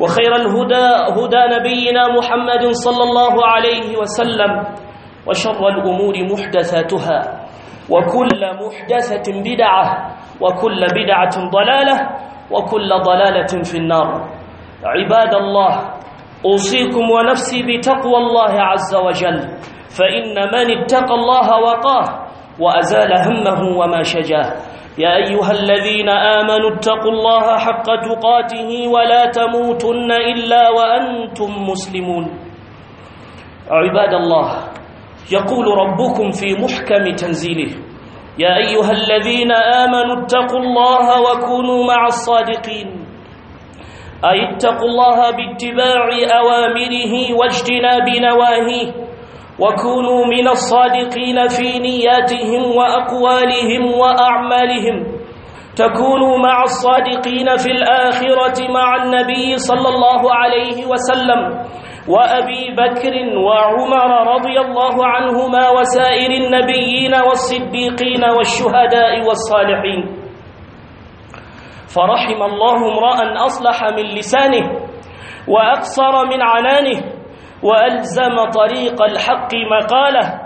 وخير الهدى هدى نبينا محمد صلى الله عليه وسلم وشر الأمور محدثاتها وكل محدثة بدعة وكل بدعة ضلالة وكل ضلالة في النار عباد الله أوصيكم ونفسي بتقوى الله عز وجل فإن من اتقى الله وقاه وأزال همه وما شجاه يا أيها الذين آمنوا اتقوا الله حق تقاته ولا تموتن إلا وأنتم مسلمون عباد الله يقول ربكم في محكم تنزيله يا أيها الذين آمنوا اتقوا الله وكونوا مع الصادقين أي اتقوا الله باتباع أوامره واجتناب نواهيه وكونوا من الصادقين في نياتهم وأقوالهم وأعمالهم تكونوا مع الصادقين في الآخرة مع النبي صلى الله عليه وسلم وأبي بكر وعمر رضي الله عنهما وسائر النبيين والصديقين والشهداء والصالحين فرحم الله امرأ أصلح من لسانه وأقصر من عنانه وألزم طريق الحق مقاله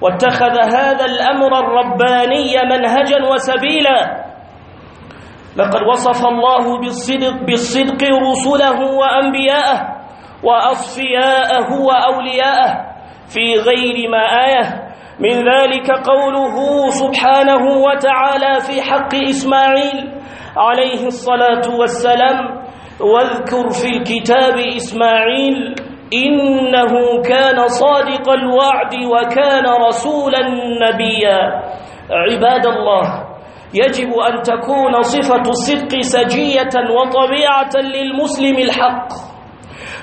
واتخذ هذا الأمر الرباني منهجا وسبيلا لقد وصف الله بالصدق, بالصدق رسله وأنبياءه وأصفياءه وأولياءه في غير ما آيه من ذلك قوله سبحانه وتعالى في حق إسماعيل عليه الصلاة والسلام واذكر في الكتاب إسماعيل إنه كان صادق الوعد وكان رسولا نبيا عباد الله يجب أن تكون صفة الصدق سجية وطبيعة للمسلم الحق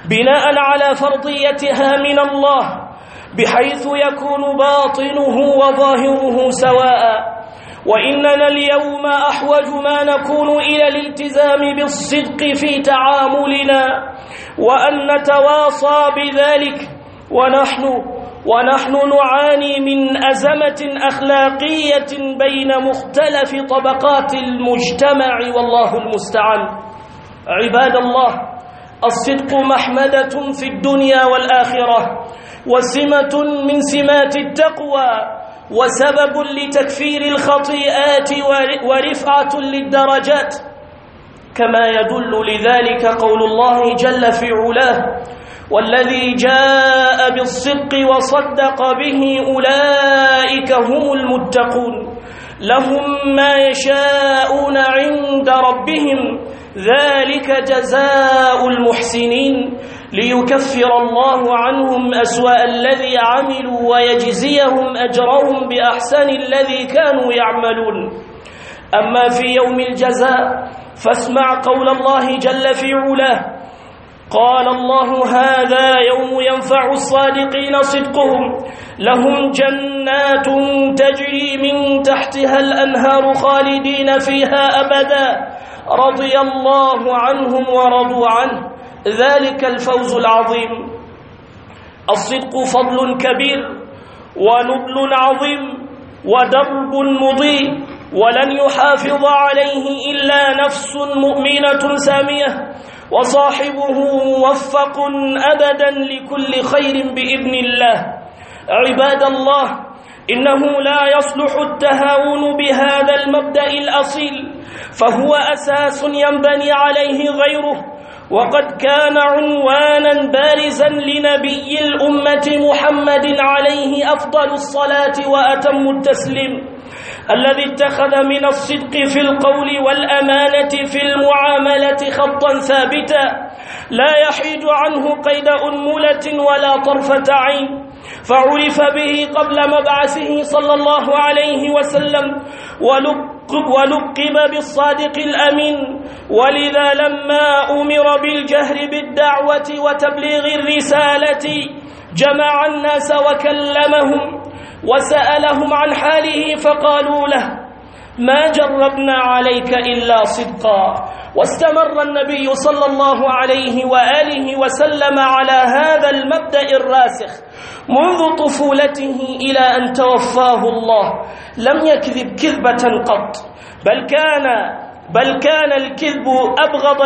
بناء على فرضيتها من الله بحيث يكون باطنه وظاهره سواءً وإننا اليوم أحوج ما نكون إلى الالتزام بالصدق في تعاملنا وأن نتواصى بذلك ونحن ونحن نعاني من أزمة أخلاقية بين مختلف طبقات المجتمع والله المستعان عباد الله الصدق محمدة في الدنيا والآخرة وسمة من سمات التقوى وسبب لتكفير الخطيئات ورفعة للدرجات كما يدل لذلك قول الله جل في علاه والذي جاء بالصدق وصدق به أولئك هم المتقون لهم ما يشاءون عند ربهم ذلك جزاء المحسنين ليكفر الله عنهم أسوأ الذي عملوا ويجزيهم أجرهم بأحسن الذي كانوا يعملون أما في يوم الجزاء فاسمع قول الله جل في علاه قال الله هذا يوم ينفع الصادقين صدقهم لهم جنات تجري من تحتها الأنهار خالدين فيها أبدا رضي الله عنهم ورضوا عنه ذلك الفوز العظيم الصدق فضل كبير ونبل عظيم ودرب مضيء ولن يحافظ عليه إلا نفس مؤمنة سامية وصاحبه موفق أبدا لكل خير بإذن الله عباد الله إنه لا يصلح التهاون بهذا المبدأ الأصيل فهو أساس ينبني عليه غيره وقد كان عنوانا بارزا لنبي الأمة محمد عليه أفضل الصلاة وأتم التسليم الذي اتخذ من الصدق في القول والأمانة في المعاملة خطا ثابتا لا يحيد عنه قيد أنملة ولا طرفة عين فعرف به قبل مبعثه صلى الله عليه وسلم ولب ولقب بالصادق الأمين ولذا لما أمر بالجهر بالدعوة وتبليغ الرسالة جمع الناس وكلمهم وسألهم عن حاله فقالوا له ما جربنا عليك إلا صدقا واستمر النبي صلى الله عليه وآله وسلم على هذا المبدأ الراسخ منذ طفولته إلى أن توفاه الله لم يكذب كذبة قط بل كان بل كان الكذب أبغض,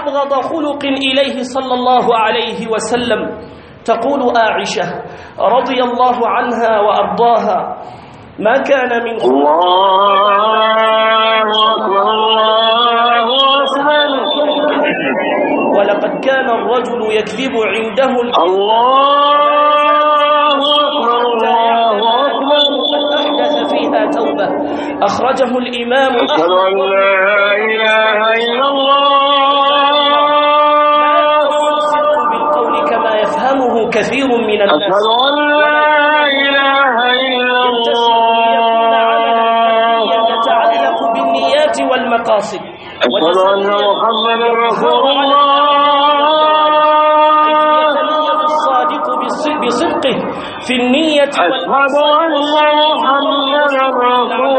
أبغض خلق إليه صلى الله عليه وسلم تقول آعشة رضي الله عنها وأرضاها ما كان من الله الله أكبر ولقد كان الرجل يكذب عنده الله أكبر الله أكبر أحدث فيها توبة أخرجه الإمام أشهد أن لا إله إلا الله بالقول كما يفهمه كثير من الناس أشهد أن واشهد ان محمدا رسول الله بصدقه في النية والأصل أشهد أن محمدا رسول الله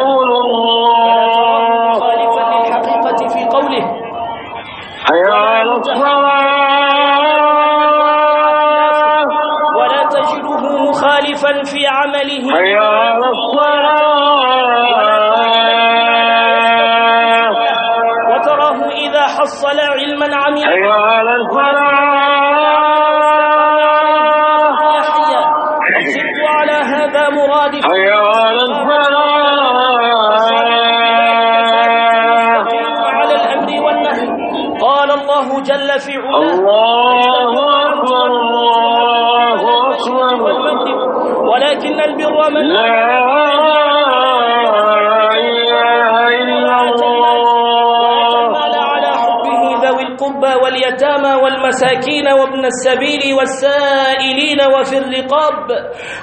ومن لا إله إلا الله على حبه ذوي القربى واليتامى والمساكين وابن السبيل والسائلين وفي الرقاب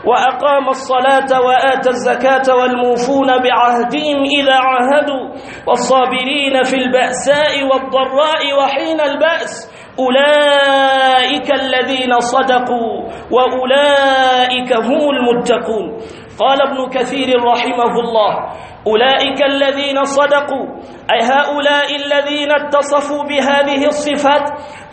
وأقام الصلاة وآتى الزكاة والموفون بعهدهم إذا عاهدوا والصابرين في البأساء والضراء وحين البأس أولئك الذين صدقوا وأولئك هم المتقون قال ابن كثير رحمه الله أولئك الذين صدقوا أي هؤلاء الذين اتصفوا بهذه الصفات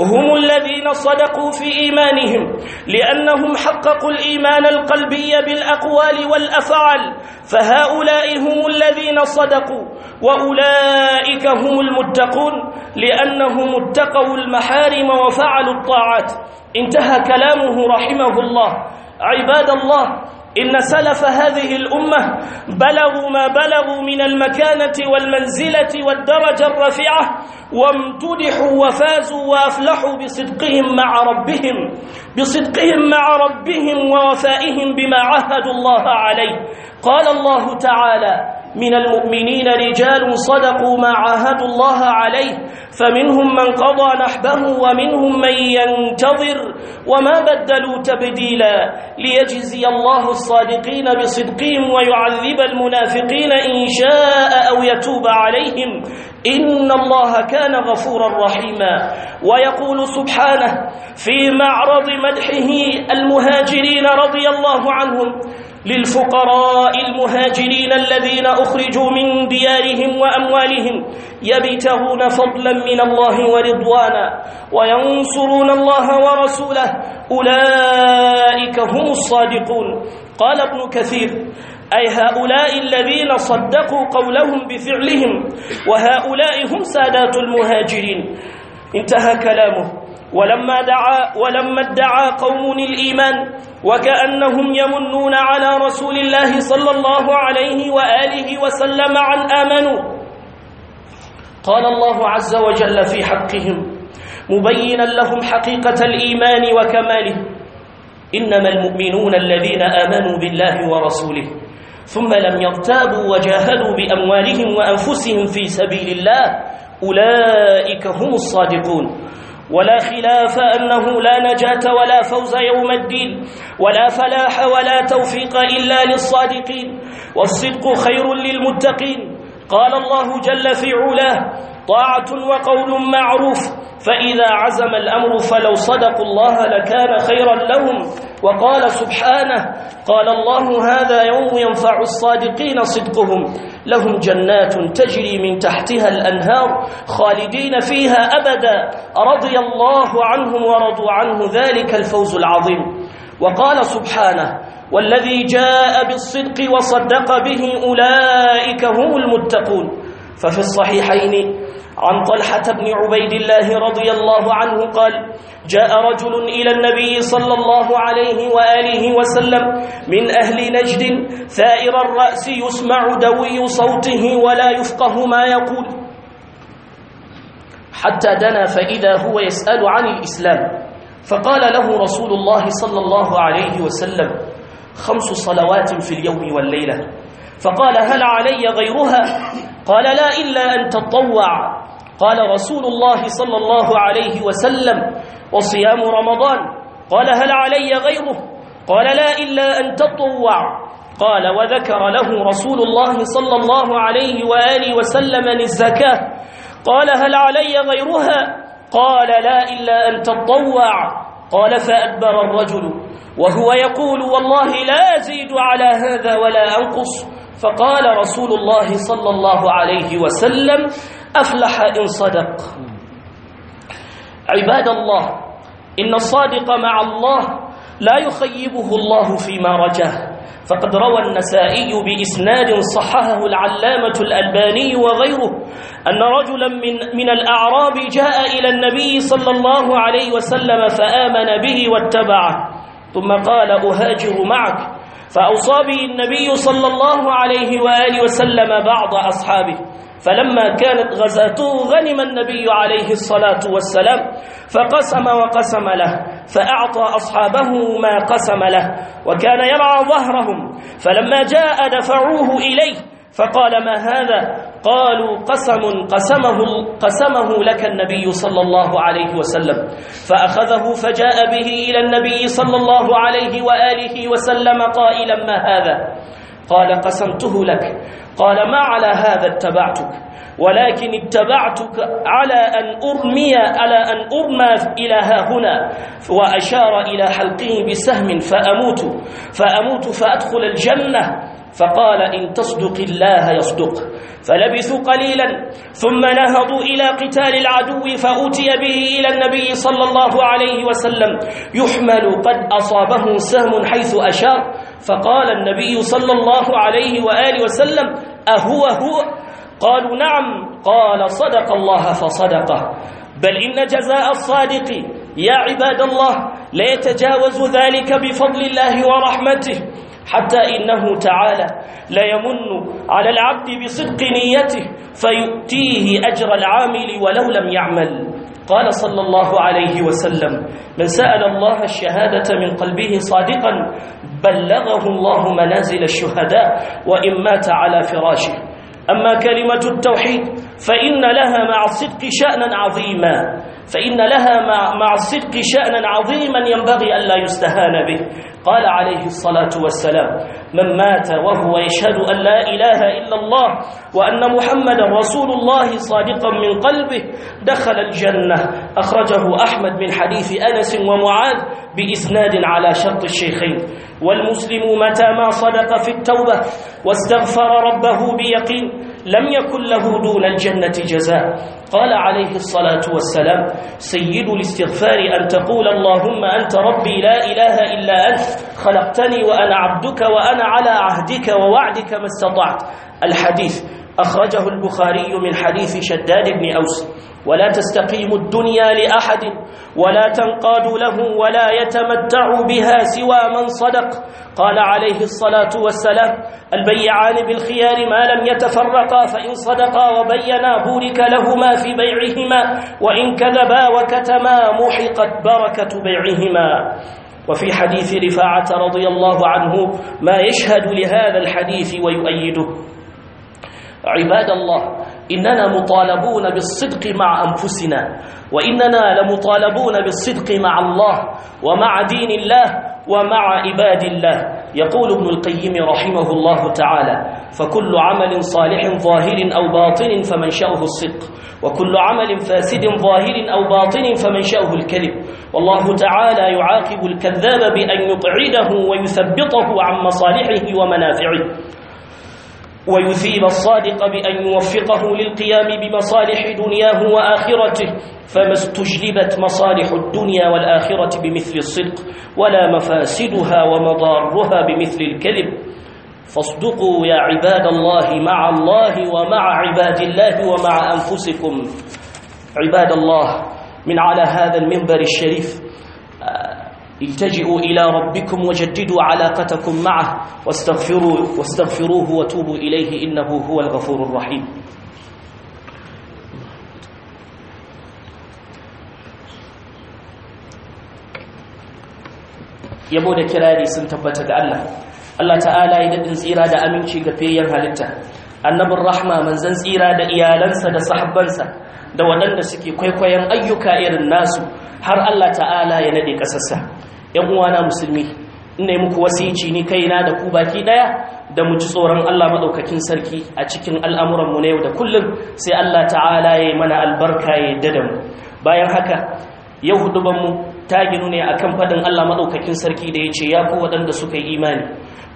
هم الذين صدقوا في إيمانهم لأنهم حققوا الإيمان القلبي بالأقوال والأفعال فهؤلاء هم الذين صدقوا وأولئك هم المتقون لأنهم اتقوا المحارم وفعلوا الطاعات انتهى كلامه رحمه الله عباد الله إن سلف هذه الأمة بلغوا ما بلغوا من المكانة والمنزلة والدرجة الرفيعة وامتدحوا وفازوا وأفلحوا بصدقهم مع ربهم بصدقهم مع ربهم ووفائهم بما عهدوا الله عليه قال الله تعالى من المؤمنين رجال صدقوا ما عاهدوا الله عليه فمنهم من قضى نحبه ومنهم من ينتظر وما بدلوا تبديلا ليجزي الله الصادقين بصدقهم ويعذب المنافقين إن شاء أو يتوب عليهم إن الله كان غفورا رحيما ويقول سبحانه في معرض مدحه المهاجرين رضي الله عنهم للفقراء المهاجرين الذين أخرجوا من ديارهم وأموالهم يبتغون فضلا من الله ورضوانا وينصرون الله ورسوله أولئك هم الصادقون قال ابن كثير أي هؤلاء الذين صدقوا قولهم بفعلهم وهؤلاء هم سادات المهاجرين انتهى كلامه ولما دعا ولما ادعى قوم الإيمان وكأنهم يمنون على رسول الله صلى الله عليه وآله وسلم عن آمنوا قال الله عز وجل في حقهم مبينا لهم حقيقة الإيمان وكماله إنما المؤمنون الذين آمنوا بالله ورسوله ثم لم يرتابوا وجاهدوا بأموالهم وأنفسهم في سبيل الله أولئك هم الصادقون ولا خلاف أنه لا نجاة ولا فوز يوم الدين ولا فلاح ولا توفيق إلا للصادقين والصدق خير للمتقين قال الله جل في علاه طاعة وقول معروف فإذا عزم الأمر فلو صدقوا الله لكان خيرا لهم وقال سبحانه قال الله هذا يوم ينفع الصادقين صدقهم لهم جنات تجري من تحتها الأنهار خالدين فيها أبدا رضي الله عنهم ورضوا عنه ذلك الفوز العظيم وقال سبحانه والذي جاء بالصدق وصدق به أولئك هم المتقون ففي الصحيحين عن طلحة بن عبيد الله رضي الله عنه قال جاء رجل إلى النبي صلى الله عليه وآله وسلم من أهل نجد ثائر الرأس يسمع دوي صوته ولا يفقه ما يقول حتى دنا فإذا هو يسأل عن الإسلام فقال له رسول الله صلى الله عليه وسلم خمس صلوات في اليوم والليلة فقال هل علي غيرها قال لا إلا أن تطوع قال رسول الله صلى الله عليه وسلم وصيام رمضان قال هل علي غيره قال لا إلا أن تطوع قال وذكر له رسول الله صلى الله عليه وآله وسلم الزكاة قال هل علي غيرها قال لا إلا أن تطوع قال فأدبر الرجل وهو يقول والله لا أزيد على هذا ولا أنقص فقال رسول الله صلى الله عليه وسلم أفلح إن صدق عباد الله إن الصادق مع الله لا يخيبه الله فيما رجاه فقد روى النسائي بإسناد صححه العلامة الألباني وغيره أن رجلا من, من الأعراب جاء إلى النبي صلى الله عليه وسلم فآمن به واتبعه ثم قال أهاجر معك فأوصى به النبي صلى الله عليه وآله وسلم بعض أصحابه فلما كانت غزاته غنم النبي عليه الصلاة والسلام فقسم وقسم له فأعطى أصحابه ما قسم له وكان يرعى ظهرهم فلما جاء دفعوه إليه فقال ما هذا قالوا قسم قسمه, قسمه لك النبي صلى الله عليه وسلم فأخذه فجاء به إلى النبي صلى الله عليه وآله وسلم قائلا ما هذا قال قسمته لك قال ما على هذا اتبعتك ولكن اتبعتك على أن أرمي على أن أرمى إلى ها هنا وأشار إلى حلقه بسهم فأموت فأموت فأدخل الجنة فقال إن تصدق الله يصدق فلبثوا قليلا ثم نهضوا إلى قتال العدو فأتي به إلى النبي صلى الله عليه وسلم يحمل قد أصابه سهم حيث أشار فقال النبي صلى الله عليه وآله وسلم أهو هو قالوا نعم قال صدق الله فصدقه بل إن جزاء الصادق يا عباد الله لا يتجاوز ذلك بفضل الله ورحمته حتى إنه تعالى لا يمن على العبد بصدق نيته فيؤتيه أجر العامل ولو لم يعمل قال صلى الله عليه وسلم من سأل الله الشهادة من قلبه صادقا بلغه الله منازل الشهداء وإن مات على فراشه أما كلمة التوحيد فإن لها مع الصدق شأنا عظيما فإن لها مع الصدق شأنا عظيما ينبغي أن لا يستهان به قال عليه الصلاة والسلام من مات وهو يشهد أن لا إله إلا الله وأن محمدا رسول الله صادقا من قلبه دخل الجنة أخرجه أحمد من حديث أنس ومعاذ بإسناد على شرط الشيخين والمسلم متى ما صدق في التوبة واستغفر ربه بيقين لم يكن له دون الجنة جزاء قال عليه الصلاة والسلام سيد الاستغفار أن تقول اللهم أنت ربي لا إله إلا أنت خلقتني وأنا عبدك وأنا على عهدك ووعدك ما استطعت الحديث أخرجه البخاري من حديث شداد بن أوس ولا تستقيم الدنيا لأحد ولا تنقاد له ولا يتمتع بها سوى من صدق قال عليه الصلاة والسلام البيعان بالخيار ما لم يتفرقا فإن صدقا وبينا بورك لهما في بيعهما وإن كذبا وكتما محقت بركة بيعهما وفي حديث رفاعة رضي الله عنه ما يشهد لهذا الحديث ويؤيده عباد الله إننا مطالبون بالصدق مع أنفسنا وإننا لمطالبون بالصدق مع الله ومع دين الله ومع عباد الله يقول ابن القيم رحمه الله تعالى فكل عمل صالح ظاهر أو باطن فمن شاءه الصدق وكل عمل فاسد ظاهر أو باطن فمن شاءه الكذب والله تعالى يعاقب الكذاب بأن يبعده ويثبطه عن مصالحه ومنافعه ويثيب الصادق بأن يوفقه للقيام بمصالح دنياه وآخرته فما استجلبت مصالح الدنيا والآخرة بمثل الصدق ولا مفاسدها ومضارها بمثل الكذب فاصدقوا يا عباد الله مع الله ومع عباد الله ومع أنفسكم عباد الله من على هذا المنبر الشريف التجئوا إلى ربكم وجددوا علاقتكم معه واستغفروه, واستغفروه وتوبوا إليه إنه هو الغفور الرحيم yabo da kirari sun tabbata ga Allah Allah ta'ala ya dadin tsira da aminci ga feyar halitta annabin rahma manzan tsira da iyalansa da sahabbansa da waɗanda suke kwaikwayon ayyuka irin nasu har Allah ta'ala ya nade ƙasarsa yan uwana musulmi ina muku wasici ni na da ku baki daya da mu ci tsoron Allah maɗaukakin sarki a cikin al'amuran mu na yau da kullum sai Allah ta'ala ya mana albarka ya yarda mu bayan haka yau huduban mu ta ginu ne akan fadin Allah maɗaukakin sarki da ya ce ya ku waɗanda suka yi imani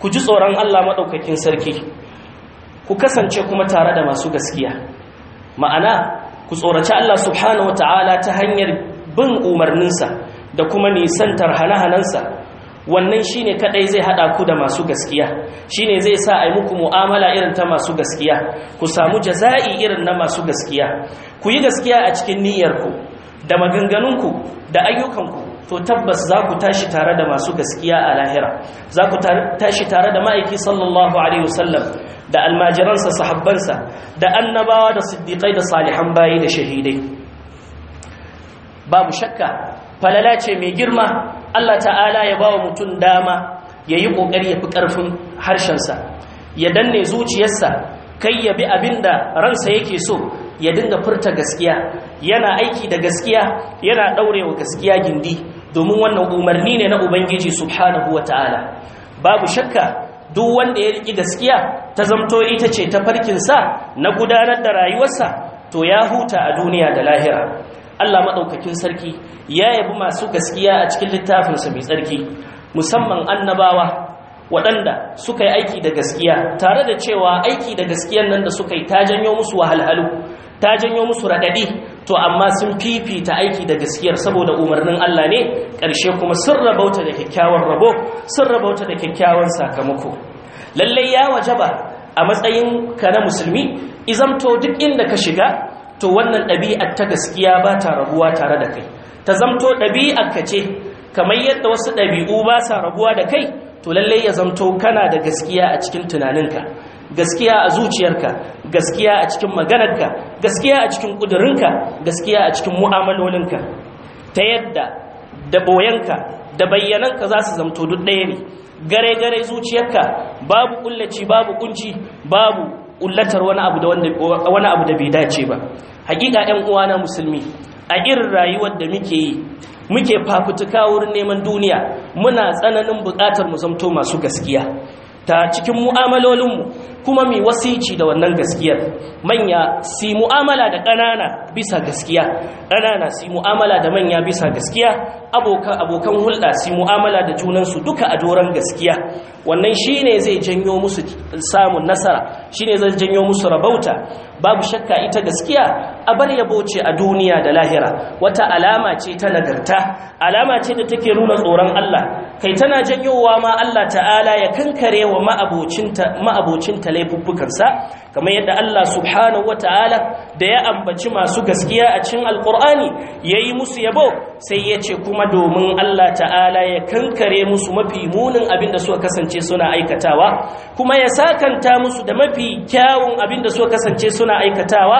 ku ji tsoron Allah maɗaukakin sarki ku kasance kuma tare da masu gaskiya ma'ana ku tsorace Allah subhanahu wataala ta hanyar bin umarninsa da kuma nisantar hana-hanansa wannan shine kadai zai haɗa ku da masu gaskiya shine zai sa ai muku mu'amala irin ta masu gaskiya ku samu jaza'i irin na masu gaskiya ku yi gaskiya a cikin niyyarku da maganganunku da ayyukanku to tabbas za ku tashi tare da masu gaskiya a lahira za ku tashi tare da ma'aiki sallallahu alaihi wasallam da almajiransa sahabbansa da annabawa da siddiqai da salihan bayi da shahidai babu shakka falala ce mai girma Allah ta'ala ya ba wa mutum dama ya yi ƙoƙari ya fi ƙarfin harshensa ya danne zuciyarsa kai ya bi abin da ransa yake so ya dinga furta gaskiya yana aiki da gaskiya yana ɗaurewa gaskiya gindi domin wannan umarni ne na ubangiji subhanahu wa ta'ala babu shakka duk wanda ya riki gaskiya ta zamto ita ce ta farkinsa na gudanar da rayuwarsa to ya huta a duniya da lahira Allah maɗaukakin sarki ya yabi masu gaskiya a cikin littafinsa mai tsarki musamman annabawa waɗanda suka yi aiki da gaskiya tare da cewa aiki da gaskiyar nan da suka yi ta janyo musu wahalhalu ta janyo musu raɗaɗi to amma sun fifita aiki da gaskiyar saboda umarnin Allah ne ƙarshe kuma sun rabauta da kyakkyawan rabo sun rabauta da kyakkyawan sakamako lallai ya wajaba a matsayin ka na musulmi izamto duk inda ka shiga to wannan ɗabi'ar ta gaskiya ba ta rabuwa tare da kai ta zamto ɗabi'ar ka ce kamar yadda wasu ɗabi'u ba sa rabuwa da kai to lallai ya zamto kana da gaskiya a cikin tunaninka gaskiya a zuciyarka gaskiya a cikin maganarka gaskiya a cikin ƙudurinka gaskiya a cikin mu'amalolinka ta yadda da boyanka da bayyananka za su zamto duk ɗaya ne gare-gare zuciyarka babu ƙullaci babu ƙunci babu ƙullatar wani abu da bai dace ba hakika 'yan uwana musulmi a irin rayuwar da muke yi muke fafutuka wurin neman duniya muna tsananin buƙatar mu zamto masu gaskiya ta cikin mu'amalolinmu kuma mai wasici da wannan gaskiyar manya si mu'amala da ƙanana bisa gaskiya ƙanana si mu'amala da manya bisa gaskiya abokan hulɗa si mu'amala da junansu duka a doron gaskiya wannan shi ne zai janyo musu samun nasara shi ne zai janyo musu rabauta babu shakka ita gaskiya abar yabo ce a duniya da lahira wata alama ce ta nagarta alama ce da take nuna tsoron Allah kai tana janyowa ma Allah ta'ala ya kankare wa ma'abocinta ma'abocinta laifuffukansa kamar yadda Allah subhanahu wata'ala da ya ambaci masu gaskiya a cikin alqur'ani yayi musu yabo sai ya ce kuma domin Allah ta'ala ya kankare musu mafi munin abin da suka kasance suna aikatawa kuma ya sakanta musu da mafi kyawun abin da suka kasance suna suna aikatawa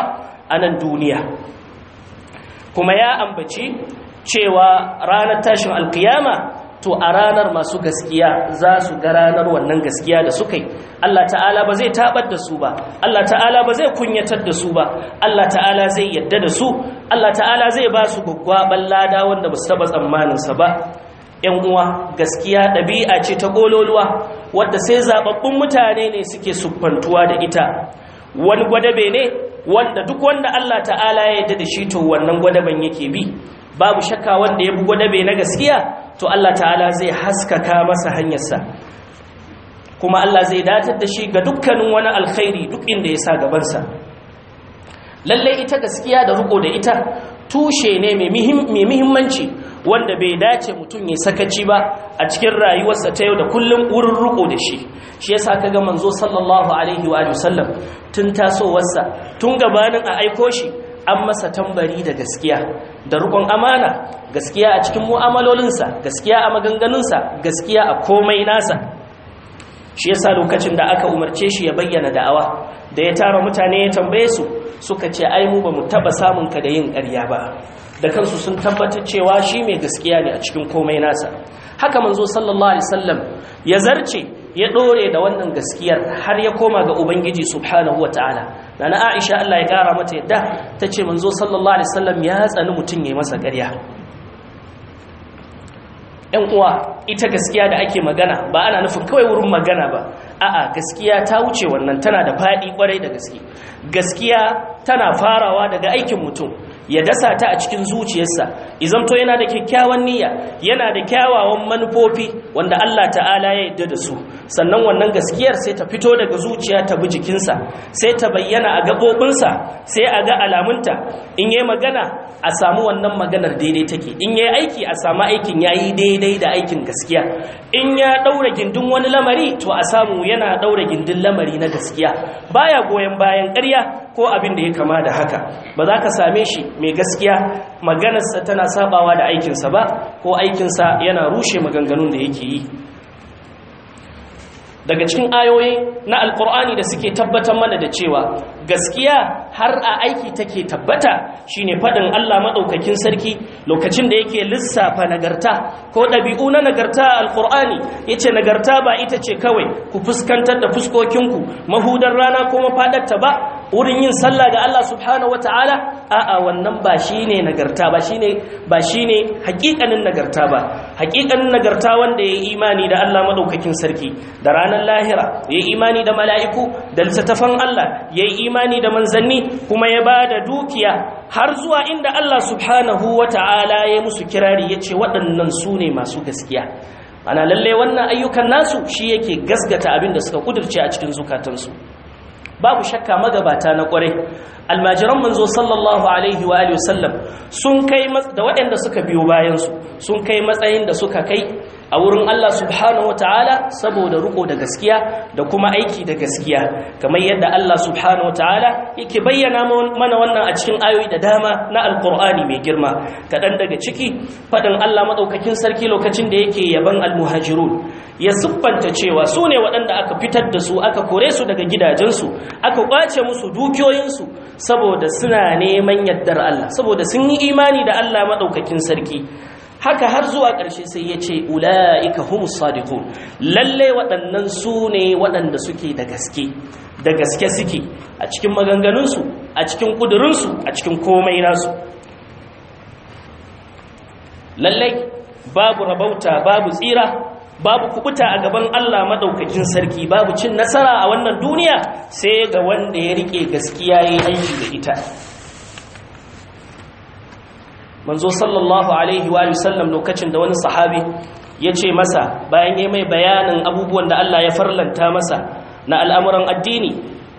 a nan duniya kuma ya ambaci cewa ranar tashin alkiyama to a ranar masu gaskiya za su ga ranar wannan gaskiya da suka yi Allah ta'ala ba zai tabar da su ba Allah ta'ala ba zai kunyatar da su ba Allah ta'ala zai yadda da su Allah ta'ala zai ba su gwaggwaban lada wanda ba su taba tsammaninsa ba ‘yan uwa gaskiya ɗabi'a ce ta ƙololuwa wadda sai zaɓaɓɓun mutane ne suke suffantuwa da ita wani gwadabe ne wanda duk wanda Allah ta'ala ya yadda da shi to wannan gwadaban yake bi babu shakka wanda ya bi gwadabe na gaskiya to Allah ta'ala zai haskaka masa hanyarsa kuma Allah zai datar da shi ga dukkanin wani alkhairi duk inda ya sa gabansa Lallai ita gaskiya da riko da ita tushe ne mai muhimmanci wanda bai dace mutum ya sakaci ba a cikin rayuwarsa ta yau da kullum wurin ruko da shi shi yasa kaga manzo sallallahu alaihi wa sallam tun tasowarsa tun gabanin a aiko shi an masa tambari da gaskiya da rukun amana gaskiya a cikin mu'amalolinsa gaskiya a maganganunsa gaskiya a komai nasa shi yasa lokacin da aka umarce shi ya bayyana da'awa da ya tara mutane ya tambaye su suka ce ai mu ba mu taba samun ka da yin ƙarya ba da kansu sun tabbatar cewa shi mai gaskiya ne a cikin komai nasa haka manzo sallallahu alaihi wasallam ya zarce ya dore da wannan gaskiyar har ya koma ga ubangiji subhanahu wataala nana aisha Allah ya kara mata yadda tace manzo sallallahu alaihi wasallam ya tsani mutun yayi masa ƙarya ɗan uwa ita gaskiya da ake magana ba ana nufin kawai wurin magana ba a'a gaskiya ta wuce wannan tana da faɗi kwarai da gaske gaskiya tana farawa daga aikin mutum ya dasa ta a cikin zuciyarsa izamto yana da kyakkyawan niyya yana da kyawawan manufofi wanda Allah ta'ala ya yarda da su sannan wannan gaskiyar sai ta fito daga zuciya ta bi jikinsa sai ta bayyana a gabobinsa sai a ga alamunta in yayi magana a samu wannan maganar daidai take in yayi aiki a samu aikin yayi daidai da aikin gaskiya in ya daura gindin wani lamari to a samu yana daura gindin lamari na gaskiya baya goyen bayan ƙarya ko abin da ya kama da haka ba za ka same shi mai gaskiya maganarsa tana sabawa da aikinsa ba ko aikinsa yana rushe maganganun da yake yi daga cikin ayoyi na alkur'ani da suke tabbatar mana da cewa gaskiya har a aiki take tabbata shine fadin Allah maɗaukakin sarki lokacin da yake lissafa nagarta ko ɗabi'u na nagarta alkur'ani ce nagarta ba ita ce kawai ku fuskantar da fuskokinku mahudar rana ko mafaɗarta ba wurin yin sallah ga Allah subhanahu wataala a'a wannan ba shine nagarta ba shine ba shine hakikanin nagarta ba hakikanin nagarta wanda yayi imani da Allah maɗaukakin sarki da ranar lahira yayi imani da mala'iku da littattafan Allah yayi imani da manzanni kuma ya ba da dukiya har zuwa inda Allah subhanahu wataala ya musu kirari ya ce waɗannan su ne masu gaskiya ana lalle wannan ayyukan nasu shi yake gasgata abin da suka kudurce a cikin zukatansu babu shakka magabata na kwarai almajiran manzo sallallahu alaihi wa alihi wasallam sun kai da waɗanda suka biyo bayansu sun kai matsayin da suka kai a wurin Allah subhanahu wataala saboda riko da gaskiya da kuma aiki da gaskiya kamar yadda Allah subhanahu wataala yake bayyana mana wannan a cikin ayoyi da dama na Alkur'ani mai girma Kaɗan daga ciki faɗin Allah maɗaukakin sarki lokacin da yake yaban almuhajirun ya siffanta cewa su ne waɗanda aka fitar da su aka kore su daga gidajensu aka kwace musu dukiyoyinsu saboda suna neman yaddar Allah saboda sun yi imani da Allah maɗaukakin sarki haka har zuwa ƙarshe sai ya ce ula'ika humus sadiqun lalle waɗannan su ne waɗanda suke da gaske da gaske suke a cikin maganganunsu a cikin ƙudurinsu a cikin komai nasu lalle babu rabauta babu tsira babu kubuta a gaban Allah madaukakin sarki babu cin nasara a wannan duniya sai ga wanda ya rike gaskiya yayin aiki da ita manzo sallallahu alaihi wa sallam lokacin da wani sahabi ya ce masa bayan ya mai bayanin abubuwan da Allah ya farlanta masa na al'amuran addini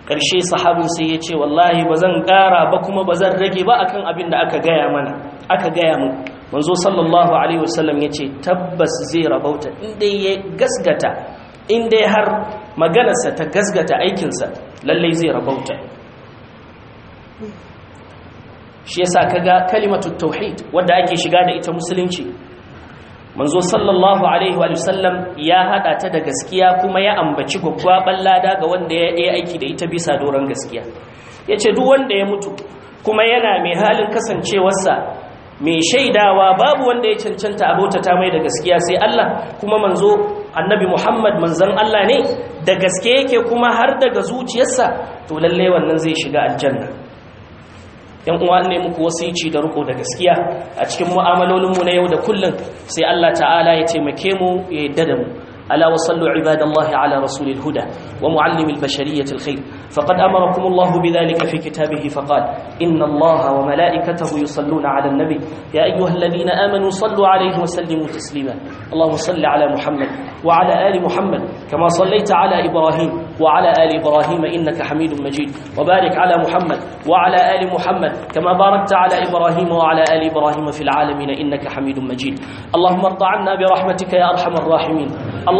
ƙarshe sahabin sai ya ce wallahi ba zan ƙara ba kuma ba zan rage ba akan abin da aka gaya mana aka gaya mu manzo sallallahu alaihi wasallam ya ce tabbas zai rabauta inda ya gasgata inda har maganarsa ta gasgata aikinsa lallai zai rabauta shi yasa kaga kalimatu tauhid wanda ake shiga da ita musulunci manzo sallallahu alaihi wa sallam ya hada ta da gaskiya kuma ya ambaci gwaggwaban lada ga wanda ya yi aiki da ita bisa doron gaskiya yace duk wanda ya mutu kuma yana mai halin kasancewarsa mai shaidawa babu wanda ya cancanta abota ta mai da gaskiya sai Allah kuma manzo annabi Muhammad manzon Allah ne da gaske yake kuma har daga zuciyarsa to lalle wannan zai shiga aljanna yan uwa ne muku wasici da riko da gaskiya a cikin mu'amalolinmu na yau da kullum sai Allah ta'ala ya taimake mu ya yadda da mu ألا وصلوا عباد الله على رسول الهدى ومعلم البشرية الخير فقد أمركم الله بذلك في كتابه فقال إن الله وملائكته يصلون على النبي يا أيها الذين آمنوا صلوا عليه وسلموا تسليما اللهم صل على محمد وعلى آل محمد كما صليت على إبراهيم وعلى آل إبراهيم إنك حميد مجيد وبارك على محمد وعلى آل محمد كما باركت على إبراهيم وعلى آل إبراهيم في العالمين إنك حميد مجيد اللهم ارض عنا برحمتك يا أرحم الراحمين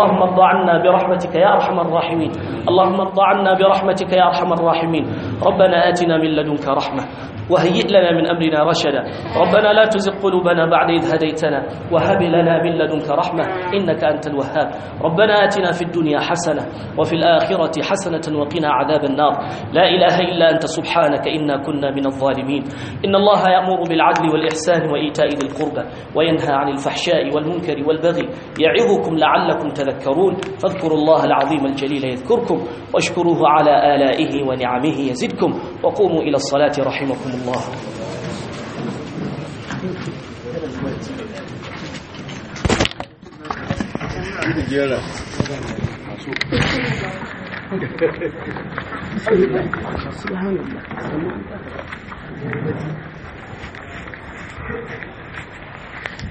اللهم ارض عنا برحمتك يا ارحم الراحمين اللهم ارض عنا برحمتك يا ارحم الراحمين ربنا آتنا من لدنك رحمة وهيئ لنا من أمرنا رشدا ربنا لا تزغ قلوبنا بعد إذ هديتنا وهب لنا من لدنك رحمة إنك أنت الوهاب ربنا آتنا في الدنيا حسنة وفي الآخرة حسنة وقنا عذاب النار لا إله إلا أنت سبحانك إنا كنا من الظالمين إن الله يأمر بالعدل والإحسان وإيتاء ذي القربى وينهى عن الفحشاء والمنكر والبغي يعظكم لعلكم تذكرون تذكرون فاذكروا الله العظيم الجليل يذكركم واشكروه على آلائه ونعمه يزدكم وقوموا إلى الصلاة رحمكم الله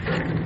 Thank you.